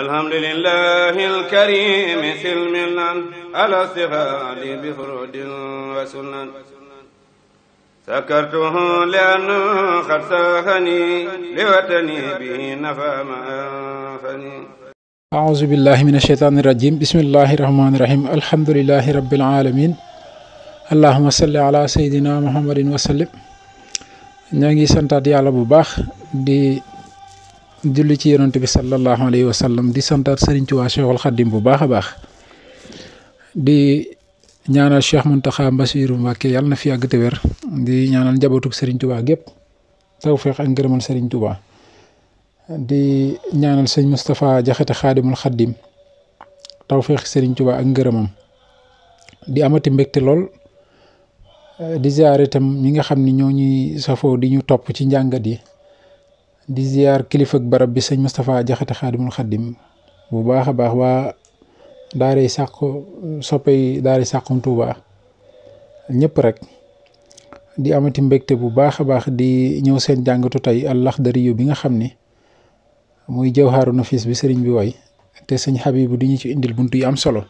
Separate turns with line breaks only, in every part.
alhamdulillahi alkarimi silmilan alastihadi bi furudin wa sunan sakartuhu liannu xad saxani liwatani bi nafama anfani aousubillahi min asheytaani irajim bismillahi irahmani irahim alhamdulilahi rabbil alamin allahuma salli ala seydina muhammadin wa sallim ñoo ngi santaat yàlla bu baax di julli ci yonent bi sallallahu alayhi wa sallam di santaat Sëriñ Tuubaa Cheikhul Xaddim bu baax a baax di ñaanal Cheikh Mountakha Bassirou Mbacké yàlla na fi yàgg te wér di ñaanal njabootug Sëriñ tubaa gépp tawfeex ak ngërëmal Sëriñ Tuubaa di ñaanal sëñ Moustapha Jaxate Xaadimul Xaddim tawfeex Sëriñ Tuubaa ak ngërëmam di amati mbégte lool di ziare itam ñi nga xam ni ñoo ñuy safoo di ñu topp ci njàngat yi di yaar kilifa barab bi sëñ Moustapha Jaxate xaadimul xaddim bu baax a baax waa daaray sàqu soppey daaray sàqum Tuuba ñëpp rek di amati mbégte bu baax a baax di ñëw seen jàngatu tey Al-Laxdari bi nga xam ni muy jawharu nafis bi sëriñ bi way te sëñ Habibu di ñu ci indil bunt yu am solo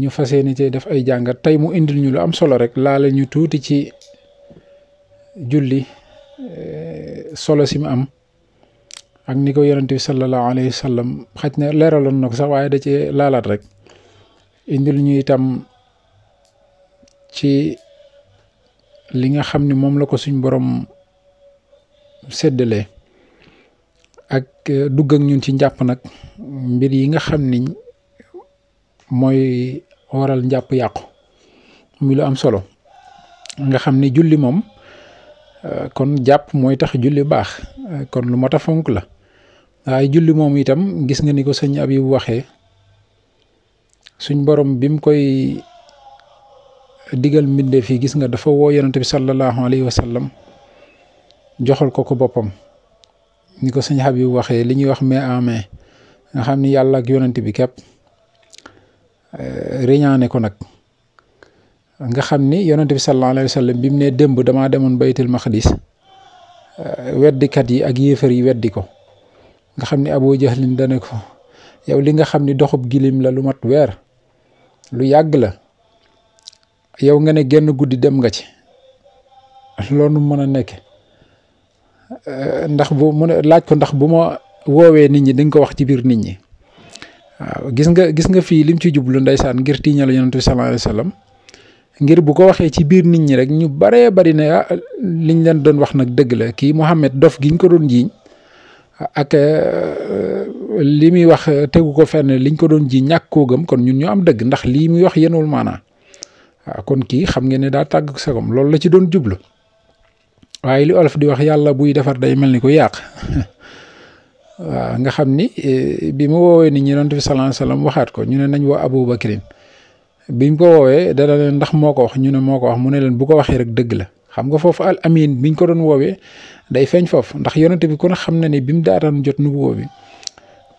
ñu fas yéene te def ay jàngat tey mu indil ñu lu am solo rek laale ñu tuuti ci julli Eh, solo si mu am ak ni ko yonent bi sallallahu xaj na leeraloon na ko sax waaye da cee laalaat rek indil ñu itam ci li nga xam ni moom la ko suñ borom séddale ak eh, dugg ak ñun ci njàpp nag mbir yi nga xam ni mooy waral njàpp yàqu muy lu am solo nga xam ni julli moom Euh, kon jàpp mooy tax julli baax euh, kon lu mot a fonk la waaye julli moom itam gis nga ni ko sëñ Abibu waxee suñ boroom bi mu koy digal mbindee fii gis nga dafa woo yonent bi sallallahu alayhi wa sallam joxal ko ko boppam ni ko sëñ Habib waxee li ñuy wax mais en main nga xam ni yàlla ak yonent bi képp euh, riñaane ko nag nga xam ni yonent bi sallallahu alayhi wa bi mu ne démb damaa demoon baytul maqdis euh, weddikat yi ak yéefar yi weddi ko nga xam ni Abu Jahlin dane ko yow li nga xam ni doxub gilim la lu mat weer lu yàgg la yow nga ne genn guddi dem nga ci loolu mën a nekk euh, ndax bu mu ne laaj ko ndax bu ma woowee nit ñi dañ ko wax ci biir nit ñi waaw gis nga gis nga fii lim ci jublu ndeysaan ngir tiiñal yonent bi sallallahu alayhi wa ngir bu ko waxee ci biir nit ñi rek ñu baree bari ne ah liñ leen doon wax nag dëgg la kii Mouhamed dof giñ ko doon jiiñ ak eh, li muy wax tegu ko fenn liñ ko doon ji ñàkk koo gëm kon ñun ñu am dëgg ndax lii muy wax yenul maanaa ah, kon kii xam ngeen ne daa tàgg sagom loolu la ci doon jublu waaye li olof di wax yàlla buy defar day mel ni ku yàq waaw nga xam ni eh, bi mu woowee ni ñi doon fi sallallahu alayhi waxaat ko ñu ne nañ woo Abu Bakrin biñ ko woowee dana leen ndax moo ko wax ñu ne moo ko wax mu ne leen bu ko waxee rek dëgg la xam nga foofu al amin biñ ko doon woowee day feeñ foofu ndax yonente bi ko ne xam na ne bi mu daataan jot nubuwoo bi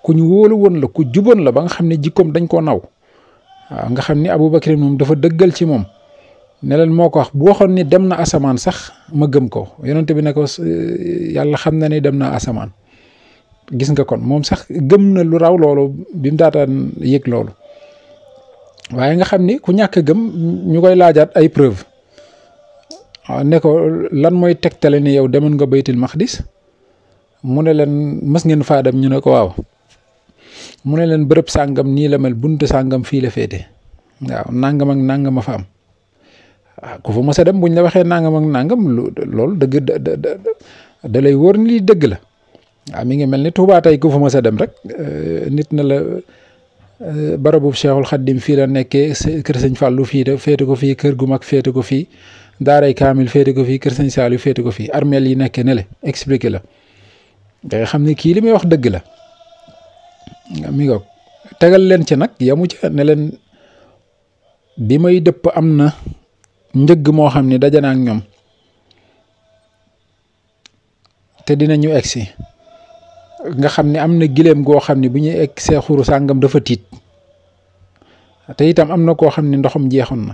ku ñu wóolu woon la ku juboon la ba nga xam ne jikkoom dañ koo naw waaw nga xam ni Aboubacar moom dafa dëggal ci moom ne leen moo ko wax bu waxoon ni dem na asamaan sax ma gëm ko yonente bi ne ko eh, yàlla xam na ni dem na asamaan gis nga kon moom sax gëm na lu raw loolu bi mu daataan yëg loolu waaye nga xam ni ku ñàkk gëm ñu koy laajaat ay preuve ah, ne ko lan mooy tegtale ni yow demoon nga baytil maxdis mu ne leen mës ngeen faa dem ñu ne ko waaw mu ne leen bërëb sàngam nii la mel bunt sàngam fii la féete waaw nangam ak nangam a fa am ah, ku fa mës dem buñ la waxee nangam ak nangam loolu dëgg da lay wóor ni lii dëgg la waaw ah, mi ngi mel ni Tuubaa tey ku fa mës dem rek eh, nit na la. barabu Cheikhul Xaddim fii la nekkee kër sëñ Fallou fii da féete ko fii kër gu mag féete ko fii daaray Kaamil féete ko fii kër sañ Saliou féete ko fii armeel yi nekkee ne le la da nga xam ne kii li muy wax dëgg la mi tegal leen ci nag yamu ca ne leen bi may dëpp am na njëgg moo xam ne daje naa ak ñoom te dina dinañu egsi nga xam ne am na gileem goo xam ne bu ñuy egg see xuru sàngam dafa tiit te itam am na koo xam ne ndoxam jeexoon na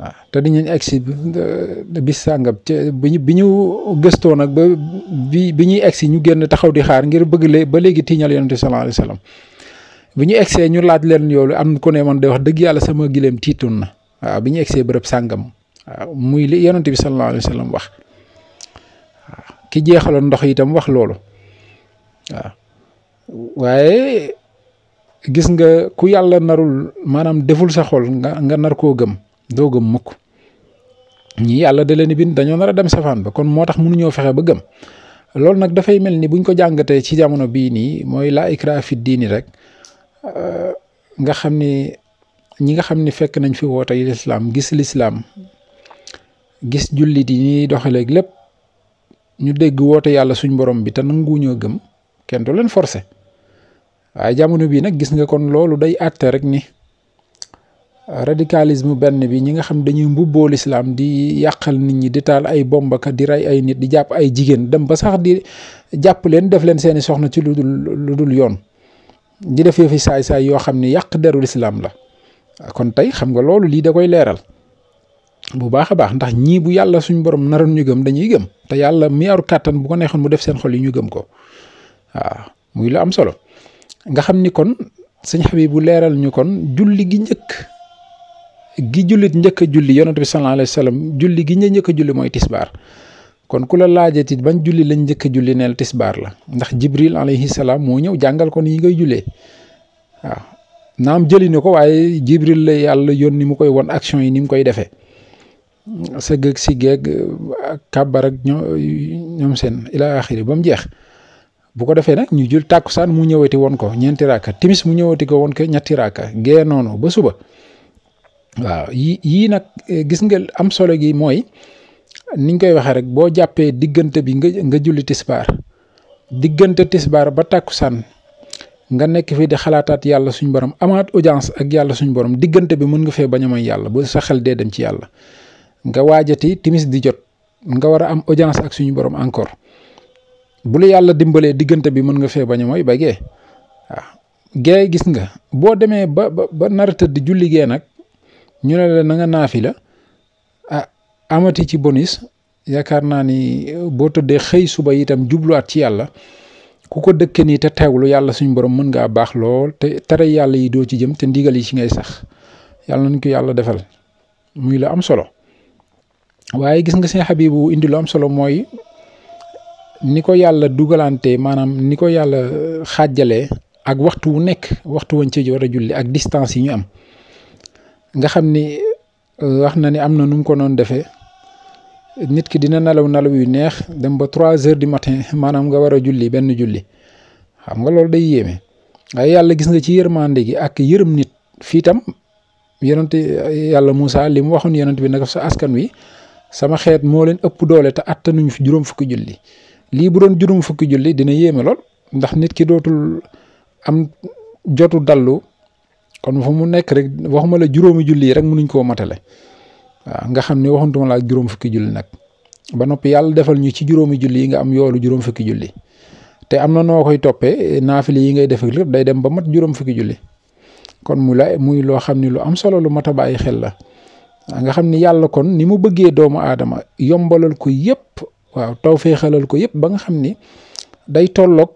waaw te dinañ egsi eh, bis sàngam te bi bi ñu gëstoo nag ba bi bi ñuy egsi ñu génn taxaw di xaar ngir bëgg lee ba léegi tiiñal yonent bi sallallahu alayhi bi ñu egsee ñu laaj leen yoolu am ku ne man de wax dëgg yàlla sama gileem tiitoon na waaw ñu egsee bërëb sàngam waaw muy li bi sallallahu alayhi wa sallam wax ki jeexaloon ndox itam wax loolu waaw waaye gis nga ku yàlla narul maanaam deful sa xol nga nga nar koo gëm doo gëm mukk ñii yàlla da leen di bind dañoo nar a dem safaan ba kon moo tax mënuñoo fexe ba gëm loolu nag dafay mel ni buñ ko jàngatee ci jamono bii nii mooy laa ikraa fi diini rek euh, nga xam ni ñi nga xam ni fekk nañ fi woote yi lislaam gis lislaam gis jullit yi ñuy doxaleeg lépp ñu dégg woote yàlla suñ borom bi te nanguwuñoo gëm kenn du leen forcer waaye jamono bii nag gis nga kon loolu day àtte rek ni radicalisme benn bi ñi nga xam dañuy mbubboo lislaam di yàqal nit ñi di taal ay bombaka di rey ay nit di jàpp ay jigéen dem ba sax di jàpp leen def leen seeni soxna ci lu dul lu dul yoon di def yëfi saay-saay yoo xam ni yàq deru lislaam la kon tey xam nga loolu lii da koy leeral bu baax a baax ndax ñii bu yàlla suñ borom naroon ñu gëm dañuy gëm te yàlla mi aru kàttan bu ko neexoon mu def seen xol yi ñu gëm ko waaw muy lu am solo nga xam ni kon sëñ bu leeral ñu kon julli gi njëkk gi jullit njëkk julli yonent bi sallallahu julli gi njëkk a mooy tisbaar kon ku la laajati bañ julli lañ njëkk a julli neel tisbaar la ndax Jibril alayhi salaam moo ñëw jàngal kon yi ngay jullee waaw naam jëli ko waaye Jibril la yàlla yónni mu koy won action yi ni mu koy defee sa gëg si geeg kàbbar ñoom seen ila axiri ba mu jeex bu ko defee nag ñu jul tàkkusaan mu ñëwati woon ko ñeenti raaka timis mu ñëwati ko woon ko ñetti raaka gee noonu ba suba waaw yii yii nag eh, gis nga am solo gi mooy niñ koy waxee rek boo jàppee diggante bi nga nga julli tisbaar diggante tisbaar ba tàkkusaan nga nekk fii di xalaataat yàlla suñu borom amaat audience ak yàlla suñu borom diggante bi mën nga fee bañ a mooy yàlla ba sa xel dee dem ci yàlla nga waajati timis di jot nga war a am audience ak suñu borom encore bu la yàlla dimbalee diggante bi mën nga fee bañ a mooy ba gee waaw gis nga boo demee ba ba nar a tëdd julli gee nag ñu ne la na naafi la ah amati ci bonus yaakaar naa ni eh, boo tëddee xëy suba itam jubluwaat ci yàlla ku ko dëkke nii te teewlu yàlla suñu borom mën ngaa baax lool te tere yàlla yi doo ci jëm te ndigal yi ci ngay sax yàlla nañ ko yàlla defal muy la am solo waaye gis nga seen xabibu indi lu am solo mooy ni ko yàlla dugalante maanaam ni ko yàlla euh, xaajalee ak waxtu wu nekk waxtu wañ ci war a julli ak distance yi ñu am nga xam ni euh, wax na ni am na num ko noon defee nit ki dina nalaw nalaw yu neex dem ba trois heures du matin maanaam nga war a julli benn julli xam nga loolu day yéeme waaye yàlla gis nga ci yërmande gi ak yërëm nit fii tam yonent yàlla Moussa li mu waxoon yonent bi nag sa askan wi sama xeet moo leen ëpp doole te attanuñu fi juróom fukki julli lii bu doon juróom fukki julli dina yéeme lool ndax nit ki dootul am jotu dallu kon fu mu nekk rek waxuma la juróomi julli rek mu mënuñ ko matale nga xam ne waxantuma la ak juróom fukki julli nag ba noppi yàlla defal ñu ci juróomi julli yi nga am yoolu juróom fukki julli te am na noo koy toppee naafile yi ngay def ak lépp day dem ba mat juróom fukki julli kon mu la muy loo xam ni lu am solo lu mat a bàyyi xel la nga xam ni yàlla kon ni mu bëggee doomu aadama yombalal ko yépp waaw taw fee xelal ko yëpp ba nga xam ni day tolloog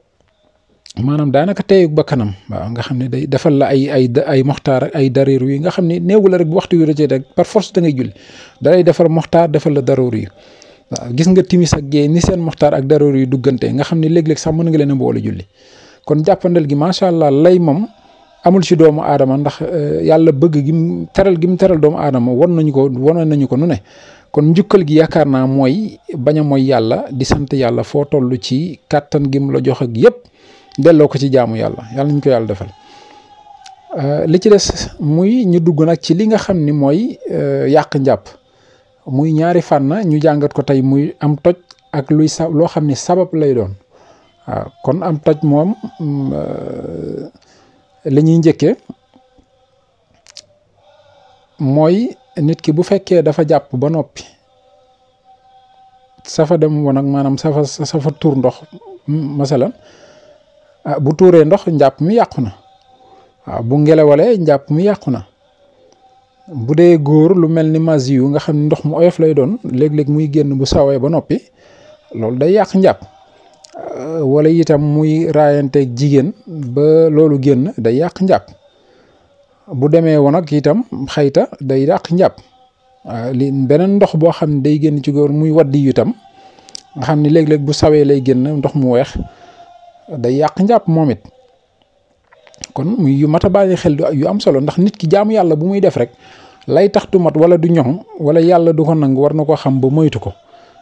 maanaam daanaka teyug ba kanam waaw nga xam ne day defal la ay ay ay moxtaar ay dareer yi nga xam ne néewu la rek waxtu yu rëcc rek par force da ngay julli da defal moxtaar defal la daroor waaw gis nga timis ak gée ni seen moxtaar ak daroor yu duggante nga xam ne léeg-léeg sax mën nga leen a boole julli kon jàppandal gi macha allah lay moom amul si doomu aadama ndax euh, yàlla bëgg gi mu teral gi mu teral doomu aadama won nañu ko won nañu ko nu ne kon njukkal gi yaakaar naa mooy bañ a mooy yàlla di sant yàlla foo toll ci kàttan gi mu la jox ak yépp delloo ko ci jaamu yàlla yàlla nañ ko yàlla defal euh, li ci des muy ñu dugg nag ci li nga xam ni mooy euh, yàq njàpp muy ñaari fànn ñu jàngat ko tey muy am toj ak luy loo xam ni sabab lay doon waaw kon am toj moom mm, euh, li ñuy njëkke mooy nit ki bu fekkee dafa jàpp ba noppi safa dem woon ak maanaam safa safa tuur ndox masalan ah, bu tuuree ndox njàpp mi yàqu na waaw ah, bu ngelawalee njàpp mi yàqu na bu dee góor lu mel ni mas yu nga xam ni ndox mu oyof lay doon léeg-léeg muy génn bu sawee ba noppi loolu day yàq njàpp ah, walla itam muy raayanteeg jigéen ba loolu génn day yàq njàpp bu demee woon ak itam xayta day dàq njàpp ah, li beneen ndox boo xam ne day génn ci goor muy waddi yu nga xam ne léeg-léeg bu sawee lay génn ndox mu weex day yàq njàpp moomit kon muy yu mat a bàyyi xel yu am solo ndax nit ki jaamu yàlla bu muy def rek lay tax du mat wala du ñoŋ wala yàlla du ko nangu war na ko xam ba moytu ko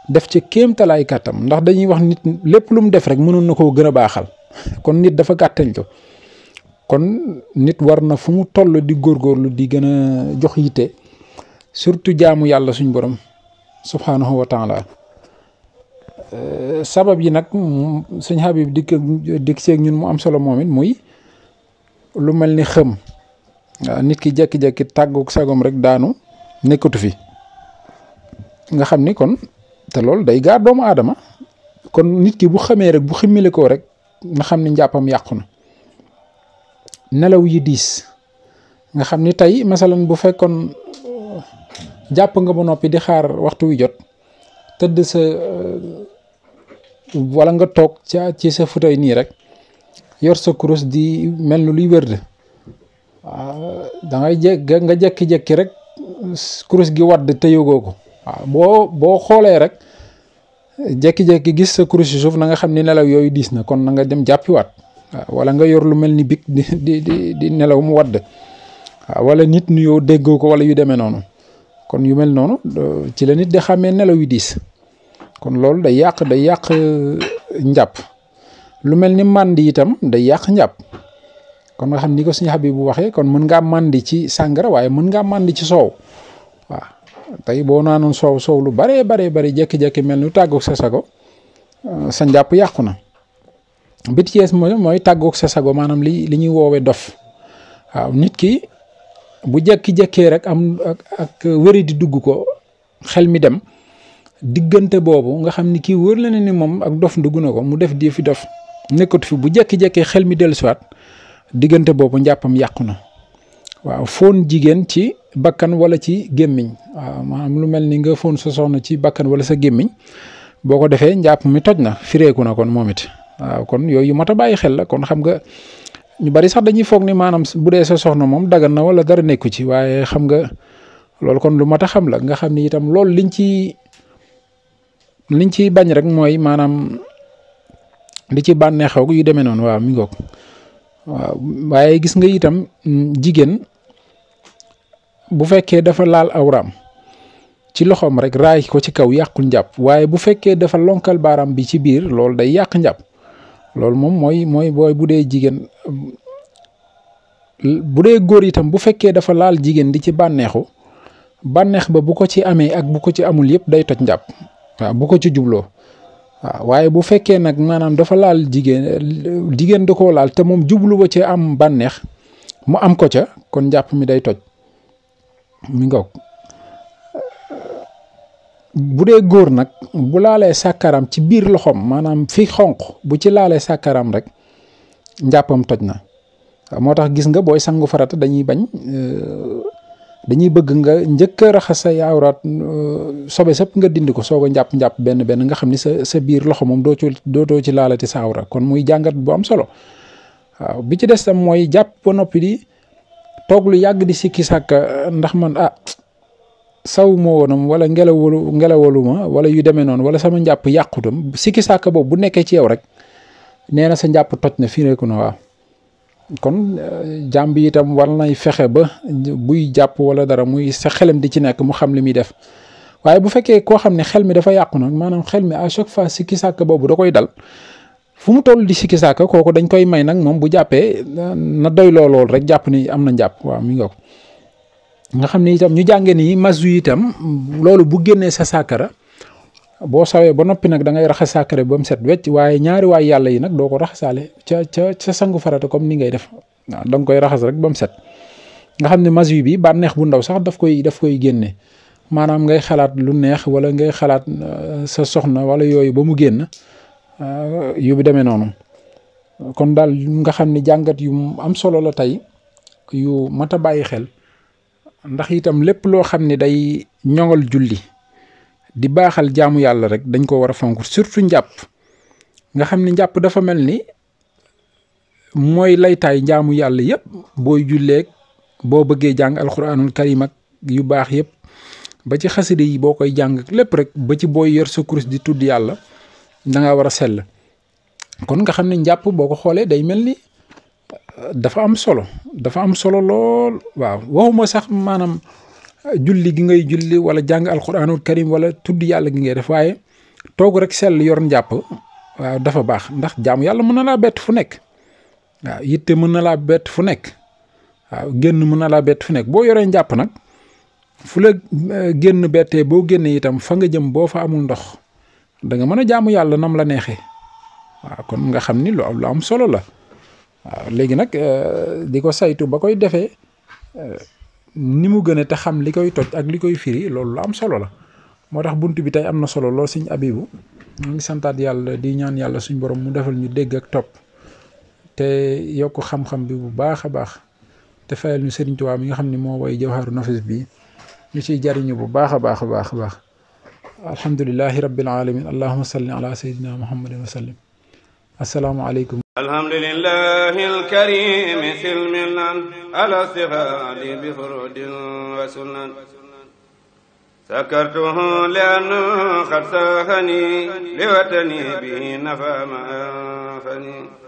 def ci kéemtalaay kàttam ndax dañuy wax nit lépp lu mu def rek mënoon na koo gën a baaxal kon nit dafa gàttañ ko kon nit war na fu mu toll di góorgóorlu di gën a jox yitte surtout jaamu yàlla suñ borom subhaanahu wa taala euh, sabab yi nag sëñ Habib dikk dikk seeg ñun mu am solo moom it muy lu mel ni xëm nit ki jékki-jékki tàggu sagom rek daanu nekkatu fi nga xam ni kon te loolu day gaa doomu aadama kon nit ki bu xamee rek bu ximmile koo rek nga xam ni njàppam yàqu na nelaw yi diis nga xam ni tey masalan bu fekkoon uh, jàpp nga ba noppi di xaar waxtu wi jot tëdd sa uh, walla nga toog ca ci sa fauteuil nii rek yor sa kurus di mel ni luy wërd uh, da dangay jekk nga jekki-jekki rek kurus gi wadd te yógoo ko boo boo xoolee rek jekki-jekki gis sa kurus si suuf na nga xam ni nelaw yooyu diis na kon na nga dem jàppiwaat waaw wala nga yor lu mel ni bic di nelaw mu wadd waaw wala nit nuyoo déggoo ko wala yu demee noonu kon yu mel noonu ci la nit di xamee nelaw yu diis kon loolu day yàq day yàq euh, njàpp lu mel ni màndi itam day yàq njàpp kon nga xam ni ko suñu Habibu waxee kon mën ngaa màndi ci sàngara waaye mën ngaa màndi ci soow waaw tey boo naan soow soow lu baree baree bari jékki-jékki mel ni tàggu sa sago euh, sa njàpp yàqu na bitiyees mooy mooy tàggook sa sago maanam li li ñuy woowee dof waaw nit ki bu jekki-jekkee rek am ak ak di dugg ko xel mi dem diggante boobu nga xam ni kii wër la ne ni moom ak dof dugg na ko mu def di fi dof nekkatu fi bu jekki-jekkee xel mi dellusiwaat diggante boobu njàppam yàqu na waaw foon jigéen ci bakkan wala ci gémmiñ waaw maanaam lu mel ni nga foon sa soxna ci bakkan wala sa gémmiñ boo ko defee njàpp mi toj na fireeku na kon moom waaw kon yooyu yu mat a bàyyi xel la kon xam nga ñu bari sax dañuy foog ni maanaam bu dee sa soxna moom dagan na wala dara nekku ci waaye xam nga loolu kon lu mat a xam la nga xam ni itam loolu liñ ci liñ ciy bañ rek mooy maanaam li ci bànneexaw yu demee noonu waaw mi ngoog waaw waaye gis nga itam mm, jigéen bu fekkee dafa laal awraam ci loxoom rek raay ko ci kaw yàqul njàpp waaye bu fekkee dafa lonkal baaraam bi ci biir loolu day yàq njàpp loolu moom mooy mooy booy bu dee jigéen bu dee góor yitam bu fekkee dafa laal jigéen di ci bànneexu bànneex ba bu ko ci amee ak bu ko ci amul yëpp day toj njàpp waaw bu ko ci jubloo waaw waaye bu fekkee nag maanaam dafa laal jigéen jigéen di koo laal te moom jublu ba ci am bànneex mu am ko ca kon njàpp mi day toj mi ngoog bu dee góor nag bu laalee sàkkaraam ci biir loxoom maanaam fi xonq bu ci laalee sàkkaram rek njàppam toj na moo tax gis nga booy sangu farata dañuy bañ euh, dañuy bëgg nga njëkk a raxas sa awraat euh, sobe sëpp nga dindi ko soog njàpp njàpp benn benn nga xam ni sa sa biir loxo moom doo ci ci laalati sa awra kon muy jàngat bu am solo waaw bi ci des tam mooy jàpp ba noppi di toog lu yàgg di sikki sàkk ndax man ah. saw ma woonam wala ngelawalu ngelawaluma wala yu demee noonu wala sama njàpp yàqutam sikki sàkk boobu bu nekkee ci yow rek nee na sa njàpp toj na fii reku na waaw kon euh, jàmb itam war nay fexe ba buy jàpp wala dara muy sa xelam di ci nekk mu xam li muy def waaye bu fekkee koo xam ne xel mi dafa yàqu nag maanaam xel mi à chaque fois sikki sàkk boobu da koy dal fu mu toll di sikki sàkk kooku dañ koy may nag moom bu jàppee na doy loolool rek jàpp ni am na njàpp waaw mi nga ko nga xam ne itam ñu jàngee nii mas itam loolu bu génnee sa sàkkara boo sawee ba noppi nag da ngay raxas sàkkara ba mu set wecc waaye ñaari waay yàlla yi nag doo ko raxasaale ca ca sa sangu farata comme ni ngay def waaw da nga koy raxas rek ba mu set nga xam ne mas yu bi bànneex bu ndaw sax daf koy daf koy génne maanaam ngay xalaat lu neex wala ngay xalaat euh, sa soxna wala yooyu ba mu génn euh, yu bi demee noonu kon daal nga xam ne jàngat yu am solo la tey yu mat a bàyyi xel ndax itam lépp loo xam ne day ñoŋal julli di baaxal jaamu yàlla rek dañ ko war a fonk surtout njàpp nga xam ne njàpp dafa mel ni mooy laytaay njaamu yàlla yëpp booy julleeg boo bëggee jàng alxuraanul ak yu baax yëpp ba ci xaside yi boo koy jàng lépp rek ba ci booy yor sa kurus di tudd yàlla da nga war a sell kon nga xam ne njàpp boo ko xoolee day mel ni dafa am solo dafa am solo lool waaw waxuma sax maanaam julli gi ngay julli wala jàng alquranul karim wala tudd yàlla gi ngay def waaye toog rek sell yor njàpp waaw dafa baax ndax jaamu yàlla mën na laa bett fu nekk waaw mën na laa bett fu nekk génn mën na laa bett fu nekk boo yoree njàpp nag fu la eh, génn bettee boo génnee itam fa nga jëm boo fa amul ndox danga mën a jaamu yàlla nam la neexee waaw kon nga xam ni lu am solo la. waaw léegi nag euh, di ko saytu ba koy defee euh, ni mu gën a te xam li koy toj ak li koy firi loolu lu am solo la moo tax bunt bi tey am na solo lool sëñ Abibu ñu ngi santaat yàlla di ñaan yàlla suñ borom mu defal ñu dégg ak topp te yokk xam-xam bi bu baax a baax te fayal ñu Sëriñ Tuubaa mi nga xam ne moo woy Jawharu Nafis bi ñu ciy jariñu bu baax a baax a baax a baax alhamdulilahi rabbil alamin allahuma salli ala sayyidina muhammadin wa sallim assalaamu aleykum alhamdulilah alkarimi silmilan alastighali bi furudin wa sunan sakartuhu liannu xad saxani liwatani bi nafa ma fani